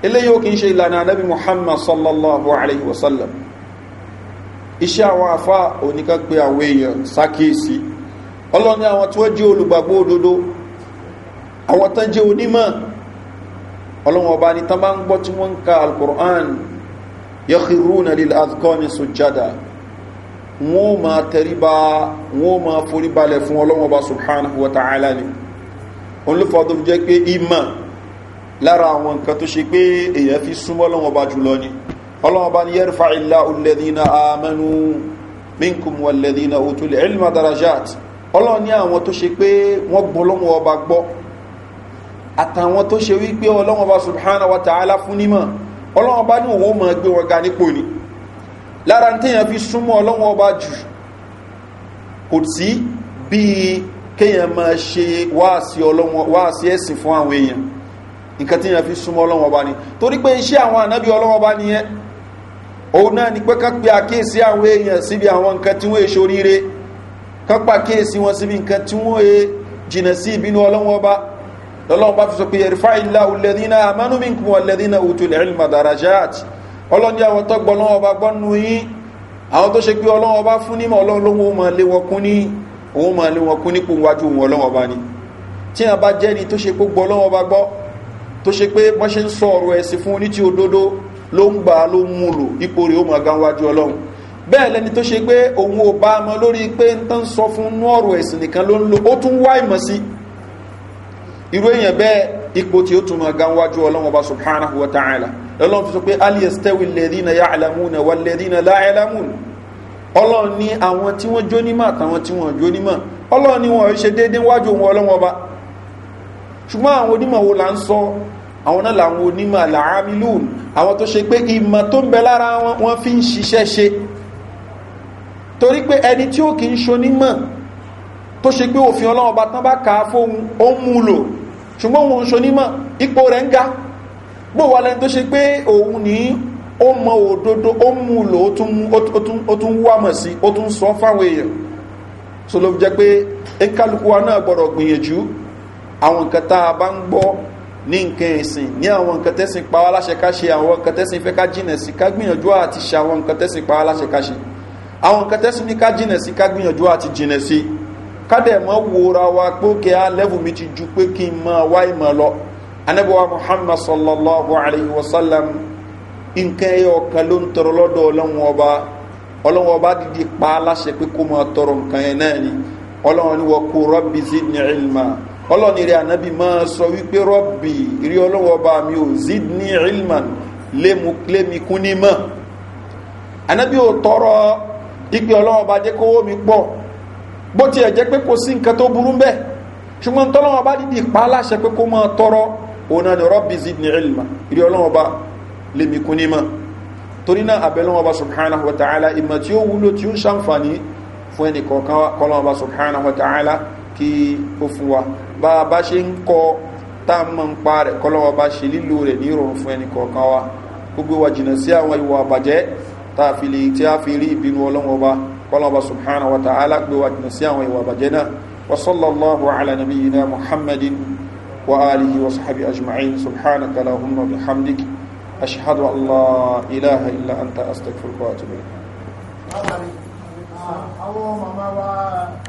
eléyìí kìí ṣe ìlànà anábì muhammad sallallahu alayhi wa sallam iṣẹ́ àwọn afá oníkan pé àwọn èèyàn sákèsí ọlọ́ni àwọn tí wọ́n jẹ́ olùgbàgbó òdodo àwọn tán jẹ́ onímọ̀ ọlọ́wọ́n ọba ni tán bá ń gbọ́ tí wọ́n ń ka alkùránì yakhiruna lil adhqani sujada wọ́n ma tẹríba wọ́n ma forí balẹ̀ fún ọlọ́wọ́n bá subhanahu wa ta'ala ni olùfọ́ tó fi jẹ́ pé ìmọ̀ lára àwọn nǹkan tó ṣe pé èyàn fi súnmọ́ ọlọ́wọ́n bá jùlọ ni ọlọ́wọ́n bá ní yẹ́rìfà ilá olèdínà àmẹ́nu minkum wàlèdínà òtúlẹ̀ ilma darajat ọlọ́wọ́n ní àwọn tó ṣe pé wọ́n gbọ́ ọlọ́wọ́n bá gbọ́ àtàwọn tó ṣe wípé ọlọ́wọ́n bá subhanahu wa ta'ala fún nímọ̀ ọlọ́wọ́n bá ní òun mọ̀ gbé wọn ga nípò ni lára téèyàn fi súnmọ́ ọlọ́wọ́n ọba jù kò tí bíi kéèyàn máa ṣe wáàsí ẹ̀sìn fún àwọn èèyàn nǹkan tí yàn fi súnmọ́ ọlọ́wọ́ bá ní torí pé iṣẹ́ àwọn ànábí ọlọ́wọ́ bá nìyẹn òun náà ni pé ká pe àkíyèsí àwọn èèyàn síbi àwọn nǹkan tí wọ́n èso ríire ká pa àkíyèsí wọn síbi nǹkan tí wọ́n jìnà sí ìbínú ọlọ́wọ́ bá lọ́lọ́run bá fi sọ pé ẹ̀rífà ilá ulẹ̀dínà amánúmínkùn ọ̀lẹ́dínà òtúlẹ̀ ìlmà dàrájáàtì ọlọ́run jẹ́ àwọn tọ́gbọ́ ọlọ́run ọba gbọ́nú yín àwọn tó ṣe pé ọlọ́run ọba fún nímọ̀ ọlọ́run ló wọ́n máa lé wọn kún ní òun máa lé wọn kún nípò wájú òun ọlọ́run ọba ni tí wọn bá jẹ́ ni tó ṣe pé gbọ́ ọlọ́run ọba gbọ́ tó ṣe pé òun ò bá ọmọ lórí pé ń tán sọ fún nú ẹ̀sìn nìkan ló ń lo ó tún wá ìmọ̀ sí irú èyàn bẹ́ẹ̀ ipò tí ó tún máa gan wájú ọlọ́wọ́ bá subhanahu wa ta'ala lọ́lọ́n fi sọ pé aliyastawi lèdínà ya alamuna wa lèdínà láàlamuna ọlọ́run ní àwọn tí wọ́n jónímọ̀ àtàwọn tí wọ́n jónímọ̀ ọlọ́run ní wọ́n ṣe déédé wájú wọn ọlọ́wọ́ bá ṣùgbọ́n àwọn onímọ̀ wo là ń tó ṣe pé òfin ọlọ́run ọba tán bá kà á fóun ó ń mú lò ṣùgbọ́n òun ṣonímọ̀ ipò rẹ̀ ń ga gbówà lẹ́ni tó ṣe pé òun ní ó mọ òdodo ó mú lò ó tún wà mọ̀ sí ó tún sọ fáwọn èèyàn so ló jẹ́ pé ẹkálukú wa náà gbọ́dọ̀ gbìyànjú àwọn nǹkan tá a bá ń gbọ́ ní nǹkan ẹ̀sìn ní àwọn nǹkan tẹ́sìn pa láṣẹ ká àwọn nǹkan tẹ́sìn fẹ́ ká jìnà sí ká gbìyànjú àti ṣe àwọn nǹkan tẹ́sìn pa láṣẹ ká àwọn nǹkan tẹ́sìn ní ká jìnà sí ká gbìyànjú àti jìnà sí i kádẹ̀mọ́ wòra wa pókè á lẹ́bù mi ti ju pé kí n mọ wá ìmọ̀ lọ anábọ̀wá muhammad sallallahu alayhi wa sallam nǹkan ẹyọ ọ̀kan ló ń tọrọ lọ́dọ̀ ọlọ́run ọba ọlọ́run ọba dídí pa á láṣẹ pé kó máa tọrọ nǹkan yẹn náà ni ọlọ́run ni wọ́n kó rọ́bì zidni ilma ọlọ́run rẹ̀ ànábì máa sọ wípé rọ́bì rí ọlọ́run mi ò zidni ilman lémi kún ò tọrọ ìpè ọlọ́run jẹ́ kówó mi pọ̀ bó tiẹ̀ jẹ́ pé kò sí nǹkan tó burú bẹ́ẹ̀ ṣùgbọ́n tọ́lọ́wọ́n bá dìdì pa láṣẹ pé kó máa tọrọ òun ni rọ́bì zidni ilma ìrí ọlọ́wọ́n bá lèmi kú ní mọ́ torí náà abẹ́lọ́wọ́n bá subhanahu wa ta'ala ìmọ̀ tí ó wúlò tí ó ń ṣàǹfààní fún ẹnì kọ̀ọ̀kan kọ́lọ́wọ́n bá subhanahu wa ta'ala kí ó fún wa bá a bá ṣe ń kọ tá a mọ̀ ń pa rẹ̀ kọ́lọ́wọ́n bá ṣe lílo rẹ̀ ní ìrọ̀rùn bá kọlọ́ba subhanahu wa ta'ala gbé wa jìnà sí àwọn ìwà bàjẹ́ náà wa sallallahu ala nabiyyina muhammadin wa alihi wa sahabi ajma'in subhanaka lahumma bihamdik ashhadu an la ilaha illa anta astaghfiruka wa